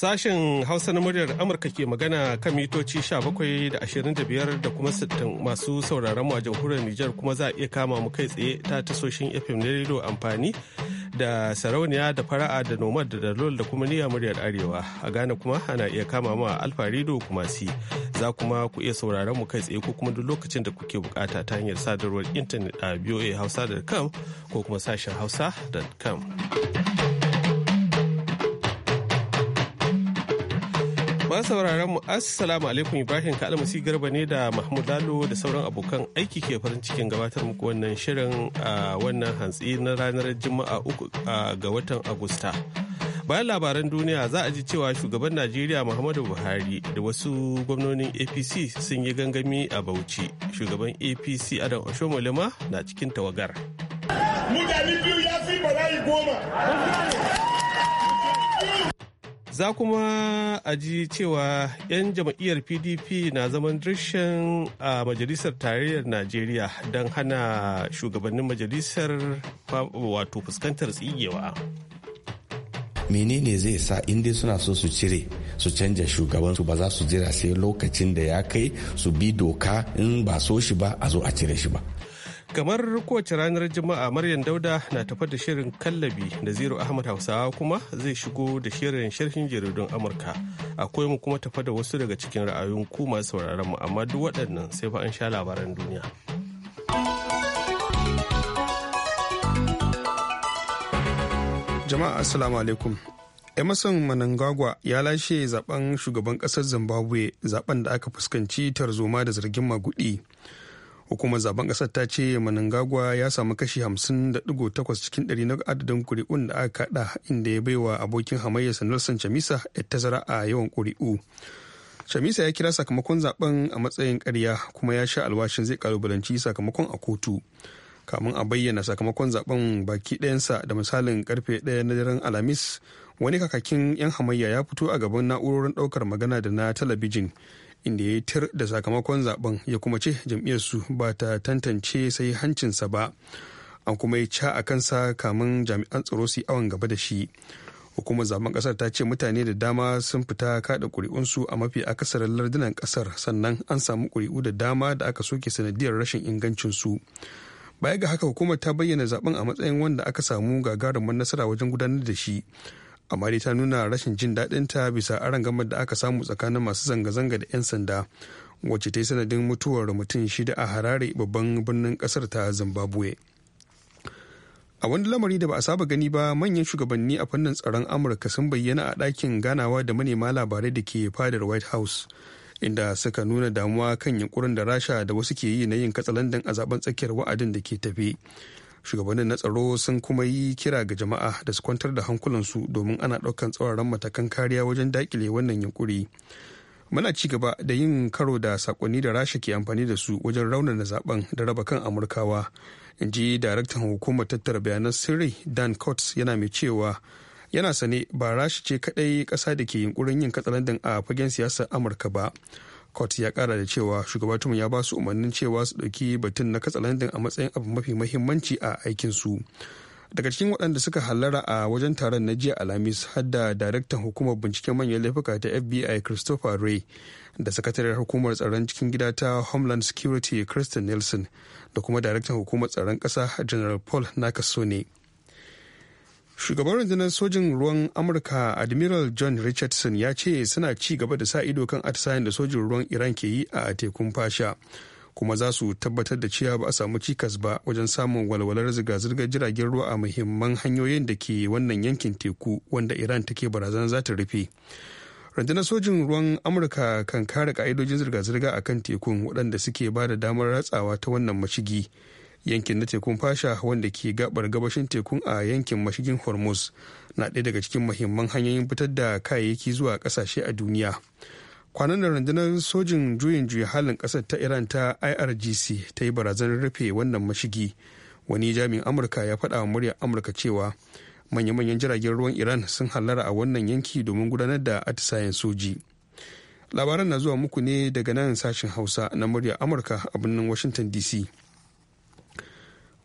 Sashen Hausa na muryar Amurka ke magana kan mitoci 17 da 25 da kuma 60 masu sauraron mu a jamhuriyar Nijar kuma za a iya kama mu kai tsaye ta tasoshin FM na rediyo amfani da sarauniya da fara'a da nomad da dalol da kuma niyya muryar Arewa. A Ghana kuma ana iya kama mu a Alfa Kumasi kuma si. Za kuma ku iya sauraron mu kai tsaye ko kuma duk lokacin da kuke bukata ta hanyar sadarwar intanet a voahausa.com ko kuma sashen hausa.com. sauran sauraron mu assalamu alaikum Ibrahim ka almasi garba ne da Mahmud Lalo da sauran abokan aiki ke farin cikin gabatar muku wannan shirin a wannan hantsi na ranar Juma'a uku ga watan Agusta. Bayan labaran duniya za a ji cewa shugaban Najeriya Muhammadu Buhari da wasu gwamnonin APC sun yi gangami a Bauchi. Shugaban APC Adam Oshomolima na cikin tawagar. Mutane biyu ya fi goma. za kuma a ji cewa 'yan jam'iyyar pdp na zaman dirshin a majalisar tarayyar najeriya don hana shugabannin majalisar wato fuskantar tsigewa menene zai sa in dai suna so su cire su canja shugaban su ba za su jira sai lokacin da ya kai su bi doka in ba so shi ba a zo a cire shi ba kamar kowace ranar juma'a maryam dauda na tafa da shirin kallabi da zero ahmad hausawa kuma zai shigo da shirin sharhin jaridun amurka akwai mu kuma tafa da wasu daga cikin ra'ayoyin ku masu sauraron mu amma duk waɗannan sai fa an sha labaran duniya jama'a assalamu alaikum emerson manangagwa ya lashe zaben shugaban kasar zimbabwe zaben da aka fuskanci tarzoma da zargin maguɗi. hukumar zaben kasar ta ce manangagwa ya samu kashi 50.8 cikin 100 na adadin kuri'un da aka kada inda ya baiwa abokin hamayyarsa nelson chamisa ya tazara a yawan kuri'u chamisa ya kira sakamakon zaben a matsayin karya kuma ya sha alwashin zai kalubalanci sakamakon a kotu kamun a bayyana sakamakon zaben baki ɗayansa da misalin karfe ɗaya na daren alhamis wani kakakin 'yan hamayya ya fito a gaban na'urorin ɗaukar magana da na talabijin inda ya yi tir da sakamakon zaben ya kuma ce jam'iyyarsu ba ta tantance sai hancinsa ba an kuma yi ca a kansa kamun jami'an tsaro su awon gaba da shi hukumar zaben kasar ta ce mutane da dama sun fita kada ƙuri'unsu a mafi akasarin lardunan kasar sannan an samu ƙuri'u da dama da aka soke sanadiyar rashin ingancinsu baya ga haka hukumar ta bayyana zaben a matsayin wanda aka samu gagarumin nasara wajen gudanar da shi amma dai ta nuna rashin jin daɗinta bisa gamar da aka samu tsakanin masu zanga-zanga da 'yan sanda wacce ta yi sanadin mutuwar mutum shida a harare babban birnin ƙasar ta zimbabwe a wani lamari da ba a saba gani ba manyan shugabanni a fannin tsaron amurka sun bayyana a ɗakin ganawa da manema labarai da ke fadar white house inda suka nuna damuwa kan yunkurin da rasha da wasu ke yi na yin katsalandan a zaben tsakiyar wa'adin da ke tafi shugabannin na tsaro sun kuma yi kira ga jama'a da su kwantar da hankulansu domin ana ɗaukan tsauraran matakan kariya wajen dakile wannan yunkuri muna ci gaba da yin karo da sakonni da rasha ke amfani da su wajen raunana zaben da raba kan amurkawa in ji daraktan hukumar tattara bayanan sirri dan coates yana mai cewa yana sane ba rasha ce kadai kasa da ke yunkurin yin katsalandin a fagen siyasar amurka ba Court ya kara da cewa shugaba ya ba su umarnin cewa su dauki batun na katsalandin a matsayin abu mafi mahimmanci a aikinsu. Daga cikin waɗanda suka hallara a wajen taron na jiya Alhamis hadda daraktan hukumar binciken manyan laifuka ta FBI Christopher Ray da sakatariyar hukumar tsaron cikin gida ta Homeland Security Kristen Nelson da kuma daraktan hukumar tsaron ƙasa General Paul Nakasone. shugaban rundunar sojin ruwan amurka admiral john richardson ya ce suna ci gaba da sa ido kan atisayen da sojin ruwan iran ke yi a tekun fasha kuma za su tabbatar da cewa ba a samu cikas ba wajen samun walwalar zirga-zirgar jiragen ruwa a muhimman hanyoyin da ke wannan yankin teku wanda iran take barazan za ta rufe rundunar sojin ruwan amurka kan kare ka'idojin zirga-zirga akan tekun waɗanda suke ba da damar ratsawa ta wannan mashigi yankin na tekun fasha wanda ke gabar gabashin tekun a yankin mashigin hormuz na ɗaya daga cikin mahimman hanyoyin fitar da kayayyaki zuwa ƙasashe a duniya kwanan da rundunar sojin juyin juya halin ƙasar ta iran ta irgc ta yi barazanar rufe wannan mashigi wani jami'in amurka ya faɗa wa muryar amurka cewa manya-manyan jiragen ruwan iran sun hallara a wannan yanki domin gudanar da atisayen soji labaran na zuwa muku ne daga nan sashen hausa na muryar amurka a birnin washington dc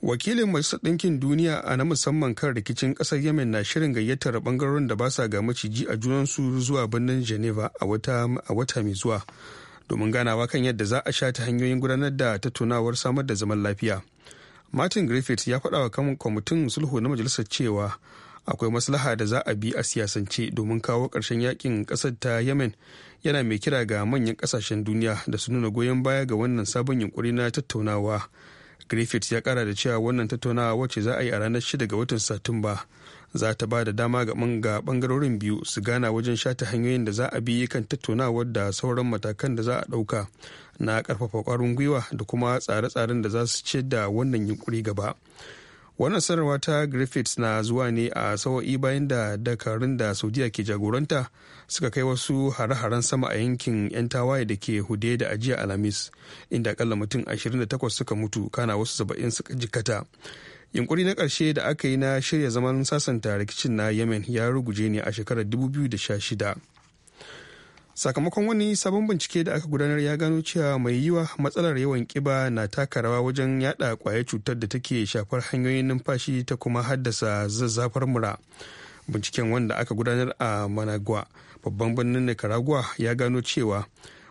wakilin majalisar ɗinkin duniya a na musamman kan rikicin ƙasar yemen na shirin gayyatar ɓangarorin da ba sa ga maciji a su zuwa birnin geneva a wata mai zuwa domin ganawa kan yadda za a shata hanyoyin gudanar da tattaunawar samar da zaman lafiya martin griffith ya faɗa wa kwamitin sulhu na majalisar cewa akwai maslaha da za a bi a siyasance domin kawo ƙarshen yakin ƙasar ta yemen yana mai kira ga manyan ƙasashen duniya da su nuna goyon baya ga wannan sabon yunkuri na tattaunawa griffiths ya kara da cewa wannan tattaunawa wacce za a yi a ranar 6 ga watan satumba za ta ba da dama ga bangarorin biyu su gana wajen shata hanyoyin da za a bi kan tattaunawar da sauran matakan da za a dauka na karfafa kwarin gwiwa da kuma tsare-tsaren da za su ce da wannan yunkuri gaba wannan sanarwa ta griffiths na zuwa ne a sawa'i bayan da dakarun da saudiya ke jagoranta suka kai wasu hare-haren sama a yankin 'yan tawaye da ke hude da ajiya alhamis inda akalla mutum 28 suka mutu kana wasu 70 suka jikkata yunkuri na ƙarshe da aka yi na shirya zaman sasanta rikicin na yemen ya ruguje ne a shekarar 2016 sakamakon wani sabon bincike da aka gudanar ya gano cewa mai yiwa matsalar yawan kiba na taka rawa wajen yada kwayar cutar da take shafar hanyoyin numfashi ta kuma haddasa zazzafar mura binciken wanda aka gudanar a managua babban birnin nicaragua ya gano cewa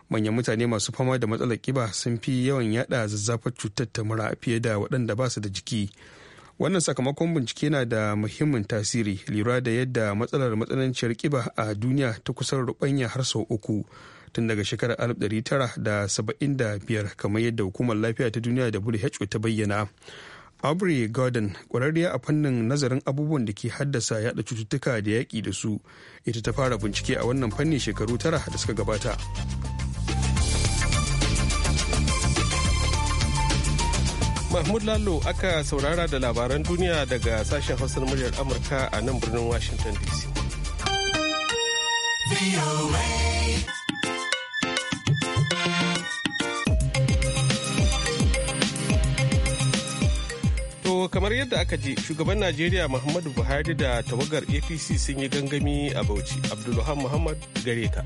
manyan mutane masu fama da matsalar kiba sun fi yawan yada zazzafar cutar ta mura fiye da waɗanda ba su da jiki wannan sakamakon bincike na da muhimmin tasiri lura da yadda matsalar matsananciyar kiba a duniya ta kusan rubanya har sau uku tun daga shekarar 1975 kamar yadda hukumar lafiya ta duniya da who ta bayyana aubrey gordon kwararriya a fannin nazarin abubuwan da ke haddasa yada cututtuka da yaƙi da su ita ta fara bincike a wannan fanni shekaru tara da suka gabata Mahmud Lalo aka saurara da labaran duniya daga sashen hausar muryar Amurka a nan birnin Washington DC. To kamar yadda aka ji shugaban Najeriya Muhammadu Buhari da tawagar APC sun yi gangami a Bauchi. Abdulluhan Muhammad gare ka.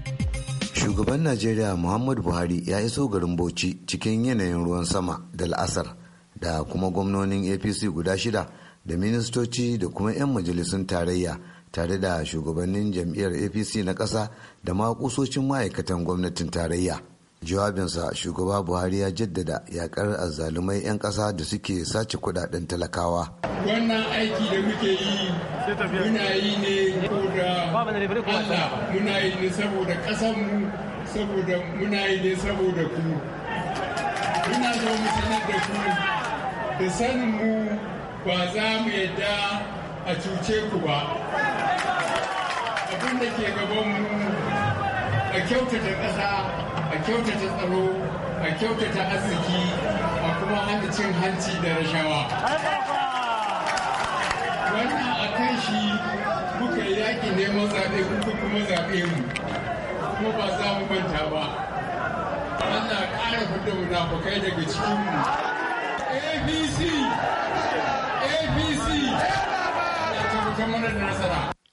Shugaban Najeriya Muhammadu Buhari ya iso garin Bauchi cikin yanayin ruwan sama da la'asar. da kuma gwamnonin apc guda shida da ministoci da kuma 'yan majalisun tarayya tare da shugabannin jam'iyyar apc na ƙasa da ma kusocin ma'aikatan gwamnatin tarayya jawabinsa shugaba buhari ya jaddada yakar azzalumai 'yan ƙasa da suke sace kudaden talakawa wannan aiki da muke yi muna yi ne Allah muna yi ne saboda ƙasanmu saboda muna yi ne saboda ku muna zo mu da ku da sanin mu ba za mu yadda a cuce ku ba abin da ke gabanmu a kyautata ƙasa a kyautata tsaro a kyautata arziki a kuma hana cin hanci da rashawa wannan a kan shi muka yi yaƙi neman zaɓe kuka kuma zaɓe mu kuma ba za mu manta ba Allah ƙara fito munafukai daga cikinmu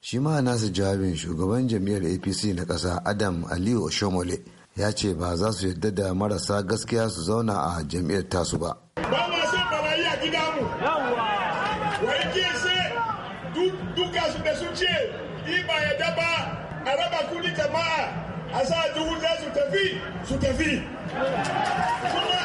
shi ma nasu jawabin shugaban jam'iyyar apc na ƙasa adam aliyu oshomole ya ce ba za su yadda da marasa gaskiya su zauna a jam'iyyar tasu ba ba ma son barayi a gida mu wai yake se duka su da su ce in ba yadda ba a raba kudi jama'a a sa duhu za su tafi su tafi kuma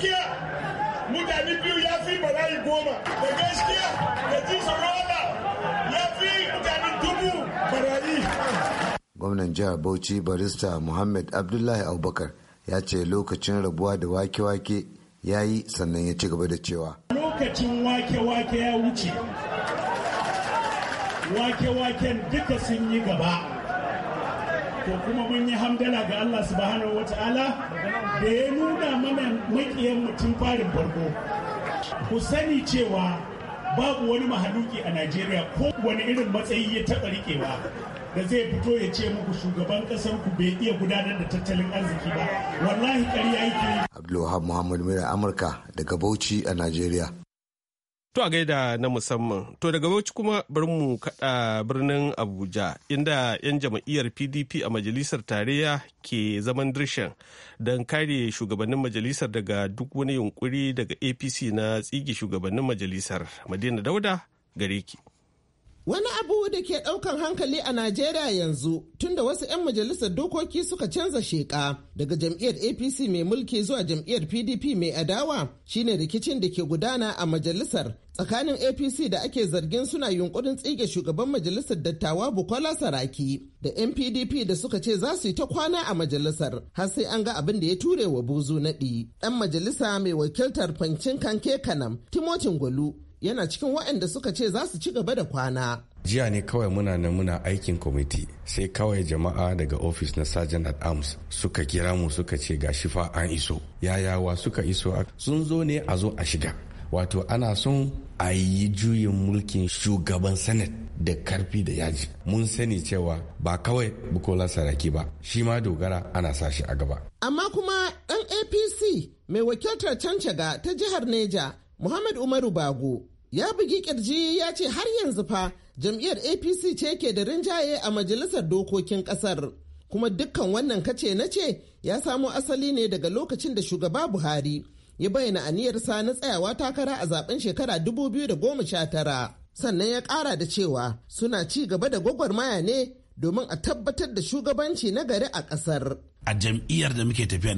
gaskiya biyu ya fi bala'i gwamnan jihar bauchi barista muhammad abdullahi abubakar ya ce lokacin rabuwa da wake-wake ya yi sannan ya ci gaba da cewa lokacin wake-wake ya wuce wake-waken duka sun yi gaba to kuma mun yi hamdala ga Allah subhanahu wa ta'ala da ya nuna mana makiyan mutum farin farko ku sani cewa babu wani mahaluki a najeriya ko wani irin matsayi ya taɓa riƙewa da zai fito ya ce muku shugaban ƙasar ku bai iya gudanar da tattalin arziki ba wallahi ƙarya yake abdulwahab Muhammadu mai amurka daga bauchi a najeriya To a gaida na musamman. To daga Bauchi kuma bari mu kaɗa birnin Abuja inda 'yan jam'iyyar PDP a majalisar tarayya ke zaman dirshan don kare shugabannin majalisar daga duk wani yunkuri daga APC na tsige shugabannin majalisar. Madina Dauda gare ki. Wani abu da ke ɗaukan hankali a Najeriya yanzu tunda wasu 'yan majalisar dokoki suka canza sheƙa daga jam'iyyar APC mai mulki zuwa jam'iyyar PDP mai adawa shine rikicin da ke gudana a majalisar tsakanin APC da ake zargin suna yunkurin tsige shugaban majalisar dattawa Bukola Saraki da 'yan PDP da suka ce za su yi ta kwana a majalisar har sai an ga abin da ya ture wa buzu naɗi. Ɗan majalisa mai wakiltar Fancin Kanke Kanam Timotin Gwalu yana cikin waɗanda suka ce za su ci gaba da kwana. jiya ne kawai muna nan muna aikin kwamiti sai kawai jama'a daga ofis na Sajan at arms suka kira mu suka ce ga fa an iso yayawa suka iso sun zo ne a zo a shiga wato ana son a yi juyin mulkin shugaban senate da karfi da yaji mun sani cewa ba kawai bukola saraki ba shi ma dogara ana sa shi a gaba amma kuma ɗan apc mai wakiltar cancaga ta jihar neja muhammad umaru bago ya bugi kirji ya ce har yanzu fa jam'iyyar apc ce ke da rinjaye a majalisar dokokin kasar kuma dukkan wannan kace na ce ya samo asali ne daga lokacin da shugaba buhari ya bayyana aniyarsa na tsayawa takara a zaben shekara 2019 sannan ya kara da cewa suna ci gaba da gwagwarmaya ne domin a tabbatar da shugabanci na gari a kasar a jam'iyyar da muke tafiya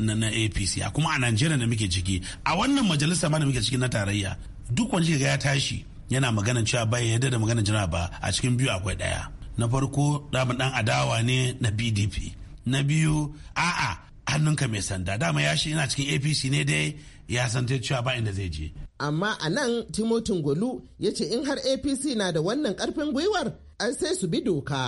na, apc kuma a najeriya da muke ciki a wannan majalisar ma da muke ciki na tarayya duk wanda ya tashi yana maganan cewa bai yarda da magana jana ba a cikin biyu akwai daya na farko damu dan adawa ne na pdp na biyu a'a hannunka mai sanda dama ya shi yana cikin apc ne dai ya san cewa ba inda zai je amma a nan timotin golu ya ce in har apc na da wannan karfin gwiwar an sai su bi doka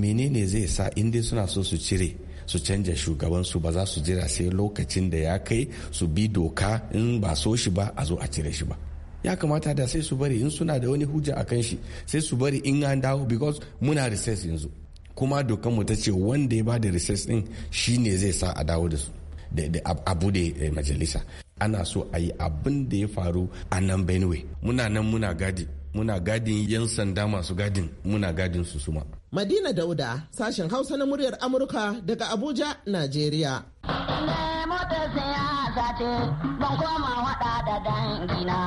menene zai sa in suna so su cire su canja shugabansu ba za su jira sai lokacin da ya kai su bi doka in ba so shi ba a zo a cire shi ba ya kamata da sai su bari in suna da wani hujja a kan shi sai su bari in an dawo because muna recess yanzu kuma dokan mu ta ce wanda ya bada recess din shine zai sa a dawo da su da abu da eh, majalisa ana so a yi abin da ya faru a nan benue muna nan muna gadi muna gadin yan sanda masu gadin muna gadin su suma madina dauda sashen hausa na muryar amurka daga abuja najeriya ne motar sai ya ban koma wada da dangina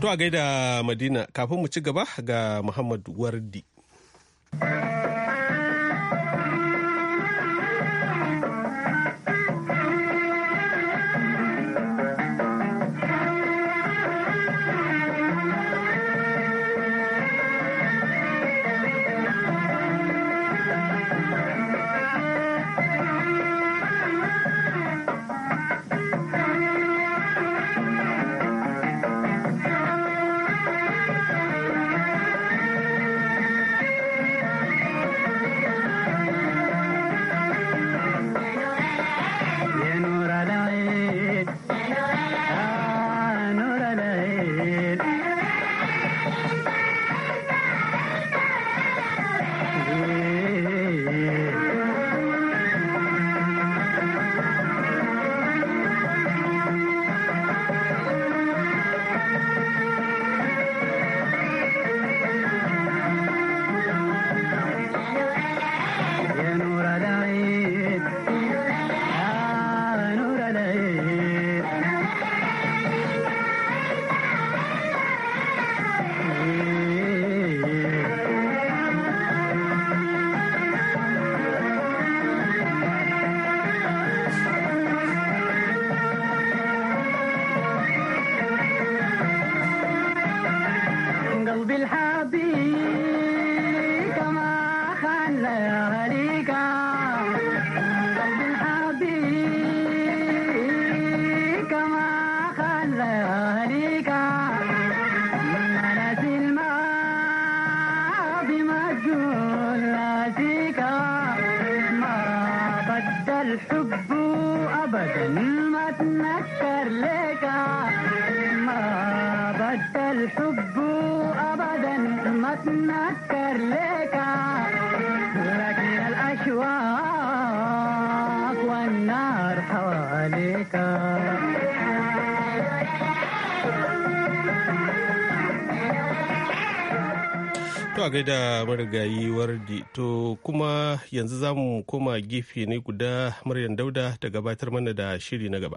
To a gaida Madina kafin mu ci gaba ga Muhammad Wardi. a gaida marigayiwar to kuma yanzu za mu koma gefe ne guda Maryam Dauda ta gabatar mana da shiri na gaba.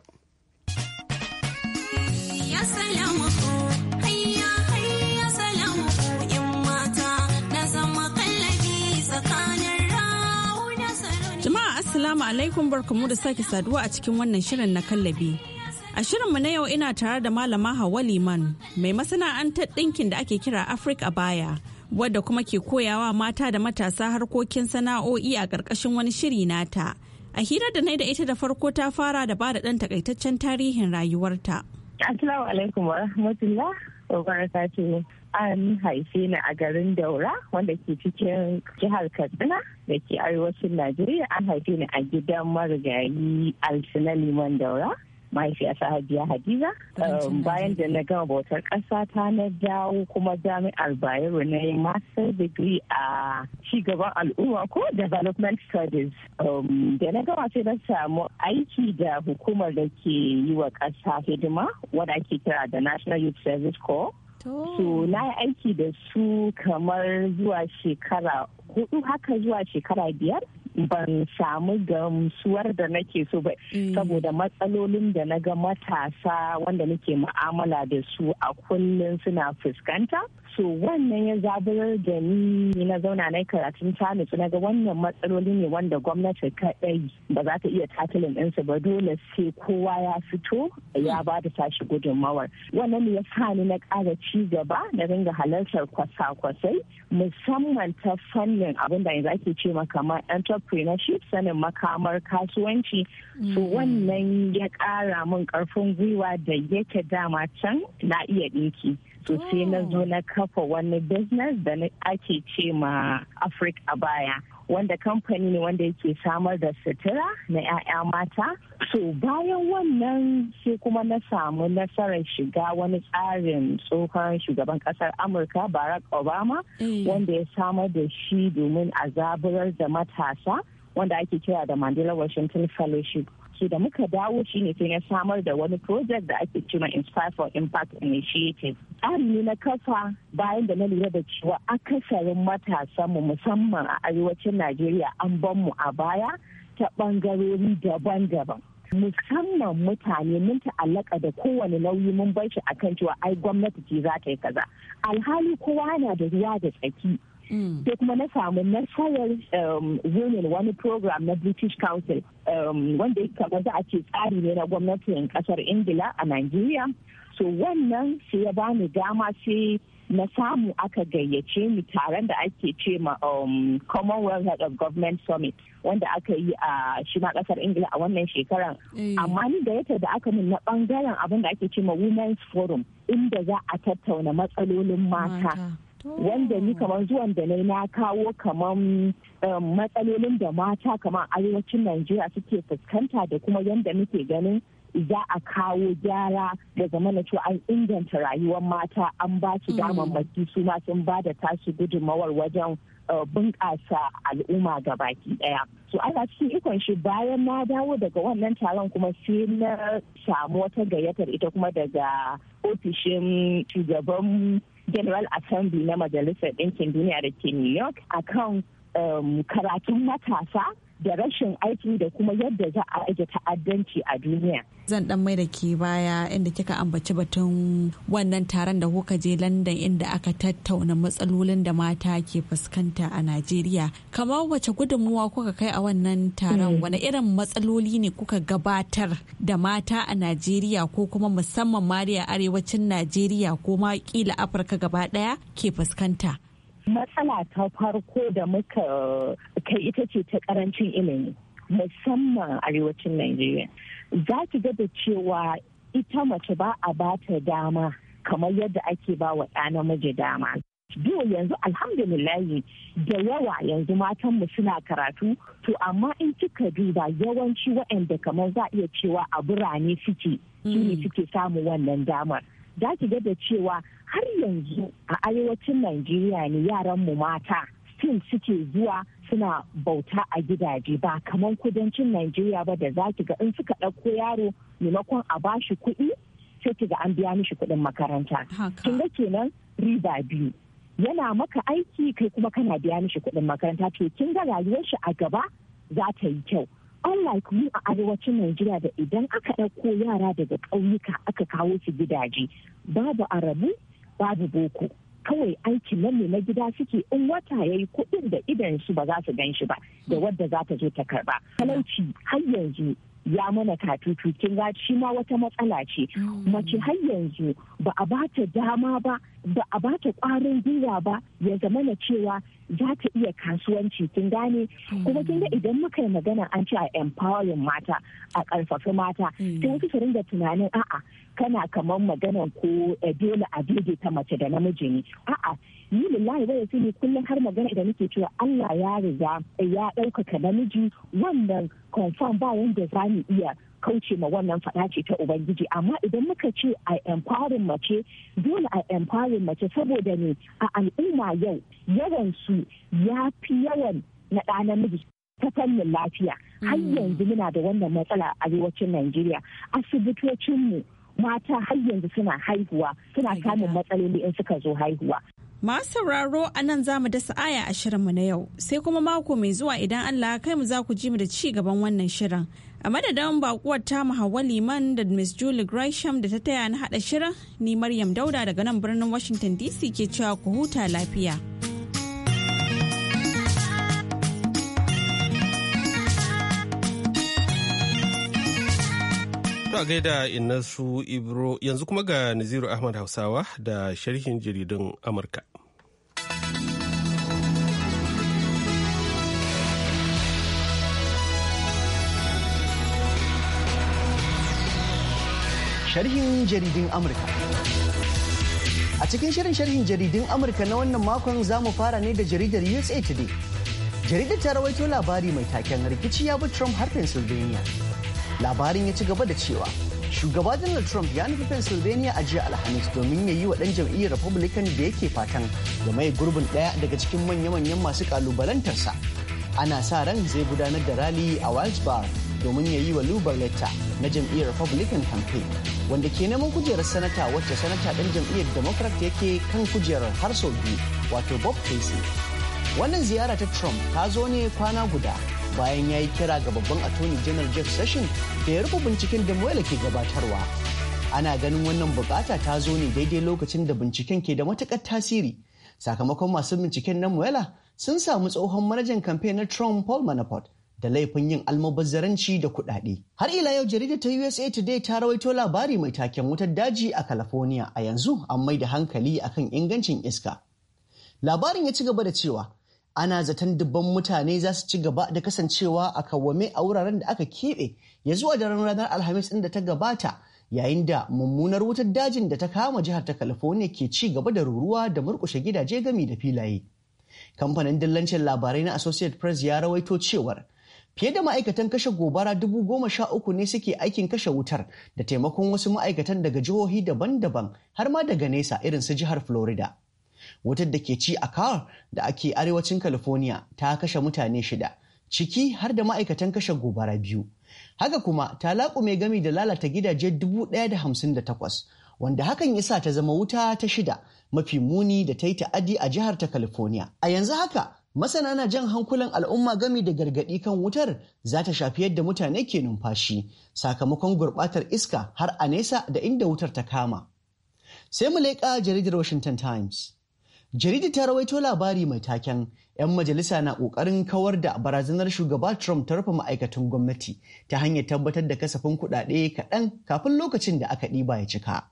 Jama'a Assalamu alaikum barkamu da sake saduwa a cikin wannan shirin na kallabi. A shirinmu na yau ina tare da Malama Hawa Liman mai masana'antar ɗinkin da ake kira afrika Baya. wadda kuma ke koyawa mata da matasa harkokin sana'o'i a ƙarƙashin wani shiri nata. A hira da na da ita da farko ta fara da ba da ɗan takaitaccen tarihin rayuwarta. Assalamu alaikum wa rahmatullah ta ce An haife ni a garin Daura wanda ke cikin jihar Katsina da ke arewacin Najeriya an haife ni a gidan marigayi Alsina Liman Daura. mahaifiyata Hajiya Hadiza. Um, bayan da na gama bautar ƙasa ta na dawo kuma jami'ar Bayero na yi master degree a cigaban al'umma ko development studies. Um, da na gama sai na samu aiki da hukumar da ke yi wa ƙasa hidima wadda ake kira da National Youth Service Corps. So na yi aiki da su kamar zuwa shekara hudu haka zuwa shekara biyar. ban samu gamsuwar da nake so ba mm. saboda matsalolin da na ga matasa wanda nake ma'amala da su a kullum suna fuskanta so wannan ya zaburar da ni na zauna na karatun tanu na ga wannan matsaloli ne wanda gwamnati kaɗai ba za ta iya tatalin ɗinsu ba dole sai kowa ya fito ya ba da tashi gudunmawar wannan ne ya sa ni na ƙara ci gaba na ringa halartar kwasa-kwasai musamman ta fannin abin da yanzu ake ce kamar entrepreneurship sanin makamar kasuwanci so mm. wannan ya ƙara min ƙarfin gwiwa da yake dama can na iya ɗinki so oh. sai na zo na kafa wani business da ake ce ma afrik a baya wanda kamfani ne wanda yake samar da sutura na 'ya'ya mata so bayan wannan sai kuma na samu nasarar shiga wani tsarin tsohon shugaban kasar amurka barack obama eh. wanda ya samar da shi domin a zaburar da matasa wanda ake kira da mandela washington fellowship so da muka dawo shine sai na samar da wani project da ake cewa inspire for impact initiative tsari ne na kafa bayan da na lura da cewa akasarin matasanmu musamman a arewacin najeriya an ban mu a baya ta bangarori daban-daban musamman mutane mun ta'allaka da kowane nauyi mun bar shi akan cewa ai gwamnati ce za ta yi kaza alhali kowa yana da ruwa da tsaki Mm. sai kuma na samu na shayar women wani program na british council um, wanda ya kama za a ce tsari ne na gwamnatin kasar ingila a nigeria so wannan sai ya bani dama sai na samu aka gayyace ni taron da ake ce ma um, commonwealth head of government summit wanda aka yi a shi ma kasar ingila a wannan shekaran eh. amma ni da yadda da aka min na bangaren abin da ake ce ma women's forum inda za a tattauna matsalolin mata wanda ni kamar zuwan da na na kawo kamar um, matsalolin da mata kamar arewacin najeriya suke fuskanta da kuma yanda muke ganin za a kawo gyara da na cewa an inganta rayuwar mata an ba su mm. damammaki su ma sun ba da tasu gudunmawar wajen uh, bunƙasa al'umma ga baki ɗaya. So ana cikin ikon shi bayan na dawo daga wannan taron kuma sai na samu wata gayyatar ita kuma daga ofishin shugaban general assembly na majalisar ɗinkin duniya da ke new york a kan um, karatun matasa da rashin aiki da kuma yadda za a rage ta'addanci a duniya. Zan dan mai da ke baya inda kika ambaci batun wannan taron da kuka je London inda aka tattauna matsalolin da mata ke fuskanta a Najeriya. Kamar wace gudunmuwa kuka kai a wannan taron hmm. wani irin matsaloli ne kuka gabatar da mata a Najeriya ko kuma musamman Mariya arewacin Najeriya ko ma kila Afirka gaba daya ke fuskanta. matsala ta farko da muka kai ita ce ta karancin ilimi musamman arewacin najeriya za ki ga da cewa ita mace ba a ba ta dama kamar yadda ake ba wa ɗa namiji dama biyu yanzu alhamdulillahi da yawa yanzu matan mu suna karatu to amma in kika duba yawanci waɗanda kamar za iya cewa a birane suke shine mm. suke samun wannan damar za ki ga da cewa har yanzu a arewacin Najeriya ne yaran mu mata fim suke zuwa suna bauta a gidaje ba kamar kudancin Najeriya ba da za ki ga in suka ɗauko yaro maimakon a bashi kuɗi sai ki ga an biya mishi kuɗin makaranta. Kin ga kenan riba biyu. Yana maka aiki kai kuma kana biya mishi kuɗin makaranta to kin ga rayuwar shi a gaba za ta yi kyau. unlike mu a arewacin Najeriya da idan aka ɗauko yara daga ƙauyuka aka kawo su gidaje babu arabu babu boko kawai aiki nan ne na gida suke in wata ya yi kuɗin da idan su ba za su gan shi ba da wadda za ta zo ta karba talauci har yanzu ya mana katutu kin ga shi ma wata matsala ce mm. mace har yanzu ba a ba ta dama ba ba a bata kwarin gwiwa ba ya zama na cewa za ta iya kasuwanci kin gane kuma kin ga idan muka yi magana an ce a empowering mata a karfafi mata mm. sai wasu ringa tunanin a'a kana kamar maganan ko eh, dole a ta mace da namiji ne a'a ni lillahi bai sai kullum har magana da nake cewa Allah ya riga eh, ya ɗaukaka namiji wannan confirm ba wanda za mu iya kauce ma wannan faɗa ce ta ubangiji amma idan muka ce a empowering mace dole a empowering mace saboda ne a al'umma yau yawan su ya fi yawan na ɗa namiji ta fannin lafiya har hmm. yanzu muna da wannan matsala a arewacin najeriya asibitocin mu mata har yanzu suna haihuwa suna samun matsaloli in suka zo haihuwa Masu sauraro a nan za mu dasa aya a shirinmu na yau, sai kuma mako mai zuwa idan Allah kai mu za ku ji mu da ci gaban wannan shirin. a madadin bakuwar tamu hawa liman da miss julie gresham da ta taya na hada shirin ni maryam dauda daga nan birnin washington dc ke cewa ku huta lafiya To gaida Inasu Ibro yanzu kuma ga Naziru Ahmad Hausawa da sharhin jaridun Amurka. sharhin jaridin Amurka. A cikin shirin sharhin jaridin Amurka na wannan makon za mu fara ne da jaridar USA Today. Jaridar ta rawaito labari mai taken rikici ya bi Trump har Pennsylvania. Labarin ya ci gaba da cewa shugaba Donald Trump ya nufi Pennsylvania a jiya Alhamis domin ya yi wa ɗan jam'iyyar Republican da yake fatan ya mai gurbin ɗaya daga cikin manya-manyan masu ƙalubalantarsa. Ana sa ran zai gudanar da rally a Wildsburg domin ya yi wa lubar letta na jam'iyyar Republican campaign. wanda ke neman kujerar sanata wacce sanata ɗan jam'iyyar Democrat yake kan kujerar har sau biyu wato Bob Casey. Wannan ziyara ta Trump ta zo ne kwana guda bayan ya yi kira ga babban attorney general Jeff session da ya rufe binciken da moyala ke gabatarwa. Ana ganin wannan bukata ta zo ne daidai lokacin da binciken ke da matukar tasiri sakamakon masu binciken na Mueller sun samu tsohon manajan kamfe na Trump Paul Manafort da laifin yin almubazzaranci da kuɗaɗe. Har ila yau jaridar ta USA Today ta rawaito labari mai taken wutar daji a California a yanzu an mai da hankali akan ingancin iska. Labarin ya ci gaba da cewa ana zaton dubban mutane za su ci gaba da kasancewa a kawwame a wuraren da aka keɓe ya zuwa daren ranar Alhamis ɗin da ta gabata yayin da mummunar wutar dajin da ta kama jihar ta California ke ci gaba da ruruwa da murƙushe gidaje gami da filaye. Kamfanin dillancin labarai na Associated Press ya rawaito cewar Fiye da ma'aikatan kashe gobara dubu goma sha uku ne suke aikin kashe wutar da taimakon wasu ma'aikatan daga jihohi daban-daban har ma daga nesa irin su jihar Florida. Wutar da ke ci a kawar da ake arewacin California ta kashe mutane shida, ciki har da ma'aikatan kashe gobara biyu. Haka kuma ta laƙume gami da lalata gidaje dubu ɗaya da hamsin da takwas, wanda hakan ya sa ta zama wuta ta shida mafi muni da ta yi ta'adi a jihar ta California. A yanzu haka Masana na jan hankulan al'umma gami da gargaɗi kan wutar za ta shafi yadda mutane ke numfashi sakamakon gurbatar iska har a nesa da inda wutar ta kama. Sai mu leƙa jaridar Washington Times. Jaridar ta rawaito labari mai taken 'yan majalisa na ƙoƙarin kawar da barazanar shugaba Trump ta rufe ma'aikatan gwamnati ta hanyar tabbatar da kasafin kuɗaɗe kaɗan kafin lokacin da aka ɗiba ya cika.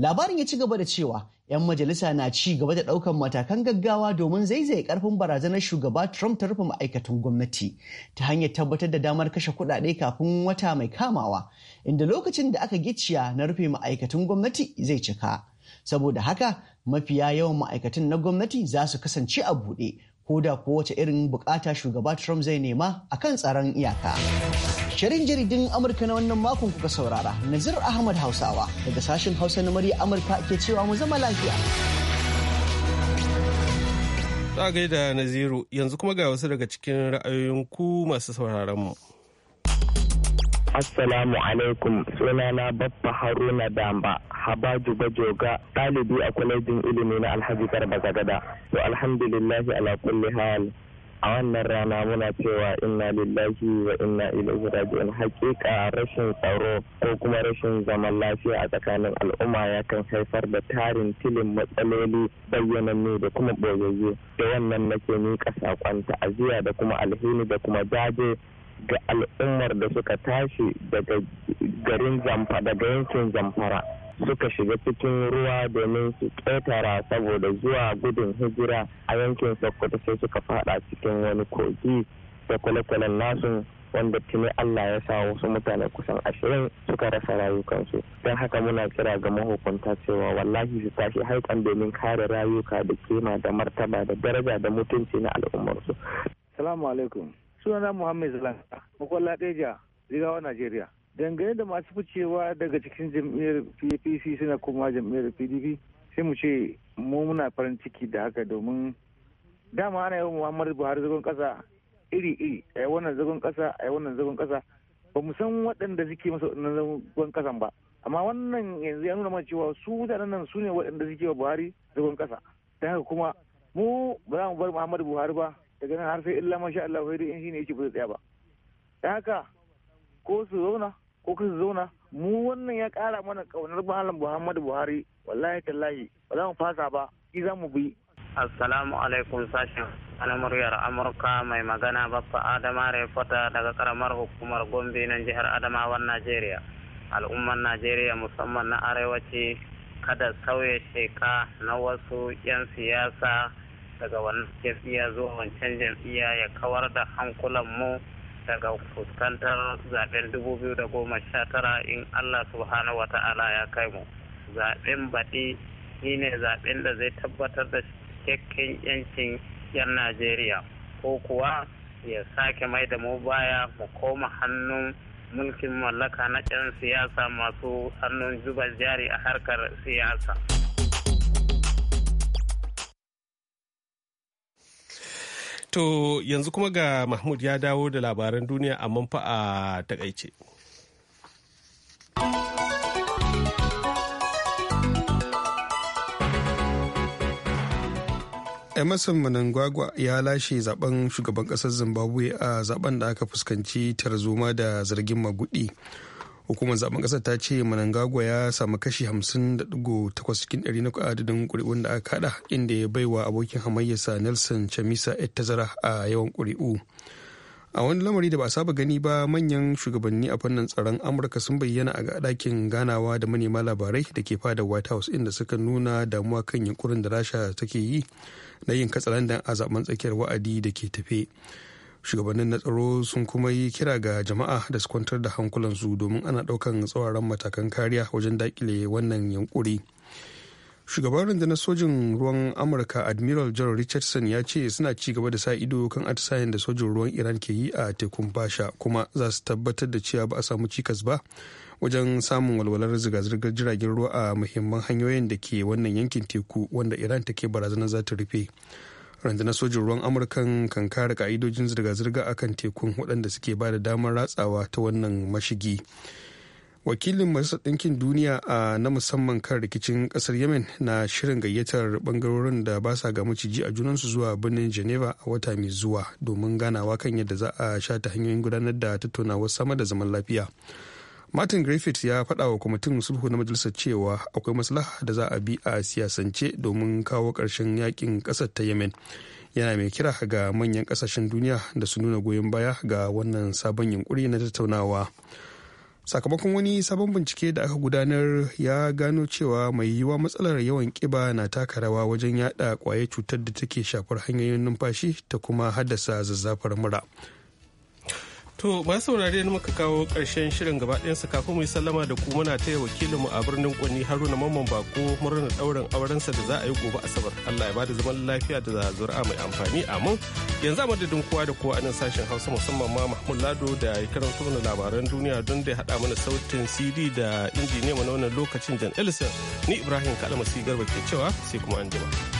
labarin ya ci gaba da cewa 'yan majalisa na ci gaba da ɗaukar matakan gaggawa domin zaizaye karfin barazanar shugaba trump ta rufe ma'aikatan gwamnati ta hanyar tabbatar da damar kashe kuɗaɗe kafin wata mai kamawa inda lokacin da aka giciya na rufe ma'aikatan gwamnati zai cika saboda haka mafiya yawan ma'aikatan na gwamnati za su kasance a buɗe ko da wace irin bukata shugaba Trump zai nema a kan tsaron iyaka. Shirin jaridin Amurka na wannan makon kuka saurara, Nazir Ahmad Hausawa daga sashen Hausa na murya Amurka ke cewa mu zama lafiya. Ta gaida Naziru, yanzu kuma ga wasu daga cikin ra'ayoyin ku masu sauraron mu. Assalamu alaikum sunana Baffa Haruna Damba Habaju Bajoga ɗalibi a kwalejin ilimi na Alhaji Garba Gagada. To alhamdulillahi ala kulli hal a wannan rana muna cewa inna lillahi wa inna ilaihi raji'un hakika rashin tsaro ko kuma rashin zaman lafiya a tsakanin al'umma ya kan haifar da tarin tilin matsaloli bayyananne da kuma boyayye da wannan nake miƙa saƙon aziya da kuma alhini da kuma jaje ga al'ummar da suka tashi daga garin zamfa daga yankin zamfara suka shiga cikin ruwa domin su ƙetara saboda zuwa gudun hijira a yankin sokoto sai suka fada cikin wani kogi da kwale-kwalen nasu wanda tuni Allah ya sa wasu mutane kusan ashirin suka rasa rayukansu don haka muna kira ga mahukunta cewa wallahi su tashi haikan domin kare rayuka da kima da martaba da daraja da mutunci na al'ummarsu. Salamu alaikum. sunana muhammed Zalanta, makwalla ɗeja jigawa najeriya dangane da masu ficewa daga cikin jam'iyyar pdp suna kuma jam'iyyar pdp sai mu ce mu muna farin ciki da haka domin dama ana yawan muhammadu buhari zagon kasa iri iri a wannan zagon kasa a wannan zagon kasa ba mu san waɗanda suke masa wannan zagon kasan ba amma wannan yanzu ya nuna mana cewa su mutanen nan su ne waɗanda suke wa buhari zagon kasa da haka kuma mu ba za mu bar muhammadu buhari ba daga nan har sai illa masha Allah wai dai in shine yake ba tsaya ba dan haka ko su zauna ko su zauna mu wannan ya kara mana kaunar malam Muhammadu Buhari wallahi tallahi ba za mu fasa ba shi za mu bi assalamu alaikum sashen ana muryar amurka mai magana baffa adama refota daga karamar hukumar gombe nan jihar adamawan najeriya al'ummar najeriya musamman na arewaci kada sauya sheka na wasu 'yan siyasa daga wannan jam'iyya zuwa wancan jam'iyya ya kawar da hankulan mu daga fuskantar zaben 2019 in Allah subhanahu wa ta'ala ya kai mu zaben baɗi ne zaben da zai tabbatar da cikakken yancin 'yan Najeriya ko kuwa ya sake mai da mu baya mu koma hannun mulkin mallaka na 'yan siyasa masu hannun zuba jari a harkar siyasa. To yanzu kuma ga Mahmud ya dawo da labaran duniya amma fa a takaice. emerson Mnangagwa ya lashe zaben shugaban ƙasar zimbabwe a zaben da aka fuskanci tarzoma da zargin magudi hukumar zaben kasar ta ce manangagwa ya samu kashi 50.8 cikin 100 na adadin kuri'un da aka kada inda ya baiwa abokin hamayyarsa nelson chamisa et tazara a yawan kuri'u a wani lamari da ba a saba gani ba manyan shugabanni a fannin tsaron amurka sun bayyana a ɗakin ganawa da manema labarai da ke fada white house inda suka nuna damuwa kan yunkurin da rasha take yi na yin katsalandan a zaben tsakiyar wa'adi da ke tafe shugabannin na tsaro sun kuma yi kira ga jama'a da su kwantar da hankulansu domin ana ɗaukan tsawaran matakan kariya wajen dakile wannan yankuri shugaban rundunar sojin ruwan amurka admiral john richardson ya ce suna ci gaba da sa ido kan atisayen da sojin ruwan iran ke yi a tekun basha kuma za su tabbatar da cewa ba a samu cikas ba wajen samun walwalar zirga-zirgar jiragen ruwa a muhimman hanyoyin da ke wannan yankin teku wanda iran take barazanar za ta rufe rundunar sojin ruwan amurkan kan kare ka'idojin zirga-zirga a kan tekun waɗanda suke ba da damar ratsawa ta wannan mashigi wakilin masu ɗinkin duniya a na musamman kan rikicin ƙasar yemen na shirin gayyatar ɓangarorin da ba sa ga maciji a junansu zuwa birnin geneva a wata mai zuwa domin ganawa kan yadda za a shata hanyoyin gudanar da tattaunawar sama da zaman lafiya martin griffith ya faɗa wa kwamitin sulhu na majalisar cewa akwai maslaha da za a bi a siyasance domin kawo ƙarshen yakin ƙasar ta yemen yana mai kira ga manyan ƙasashen duniya da su nuna goyon baya ga wannan sabon yunkuri na tattaunawa sakamakon wani sabon bincike da aka gudanar ya gano cewa mai yiwuwa matsalar yawan kiba na taka rawa wajen yada kwaye cutar da take shafar hanyoyin numfashi ta kuma haddasa zazzafar mura To masu saurare ne muka kawo karshen shirin gaba ɗayansa kafin mu yi sallama da ku muna taya wakilinmu a birnin Kwani Haruna Mamman Bako murnar ɗaurin aurensa da za a yi gobe Asabar. Allah ya bada zaman lafiya da zuri'a mai amfani amin. Yanzu a madadin kowa da kowa a nan sashen Hausa musamman ma Mahmud Lado da ya karanta mana labaran duniya don da ya haɗa mana sautin CD da injiniya mana wannan lokacin Jan Ellison. Ni Ibrahim Kalamasi Garba ke cewa sai kuma anjima.